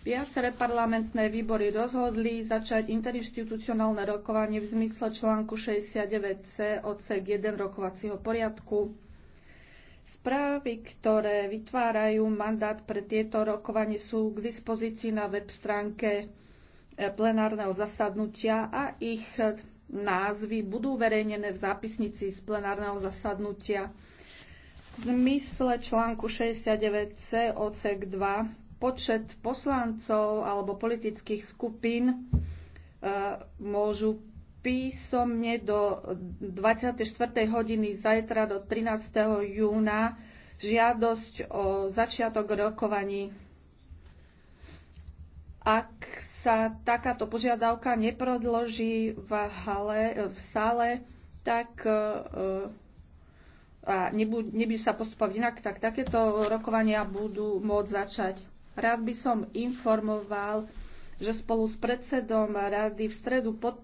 Viaceré parlamentné výbory rozhodli začať interinstitucionálne rokovanie v zmysle článku 69c odsek 1 rokovacieho poriadku. Správy, ktoré vytvárajú mandát pre tieto rokovanie, sú k dispozícii na web stránke plenárneho zasadnutia a ich názvy budú verejnené v zápisnici z plenárneho zasadnutia. V zmysle článku 69c odsek 2 počet poslancov alebo politických skupín e, môžu písomne do 24. hodiny zajtra do 13. júna žiadosť o začiatok rokovaní. Ak sa takáto požiadavka neprodloží v, hale, v sále, tak e, a nebude, sa postupovať inak, tak takéto rokovania budú môcť začať. Rád by som informoval, že spolu s predsedom rady v stredu pod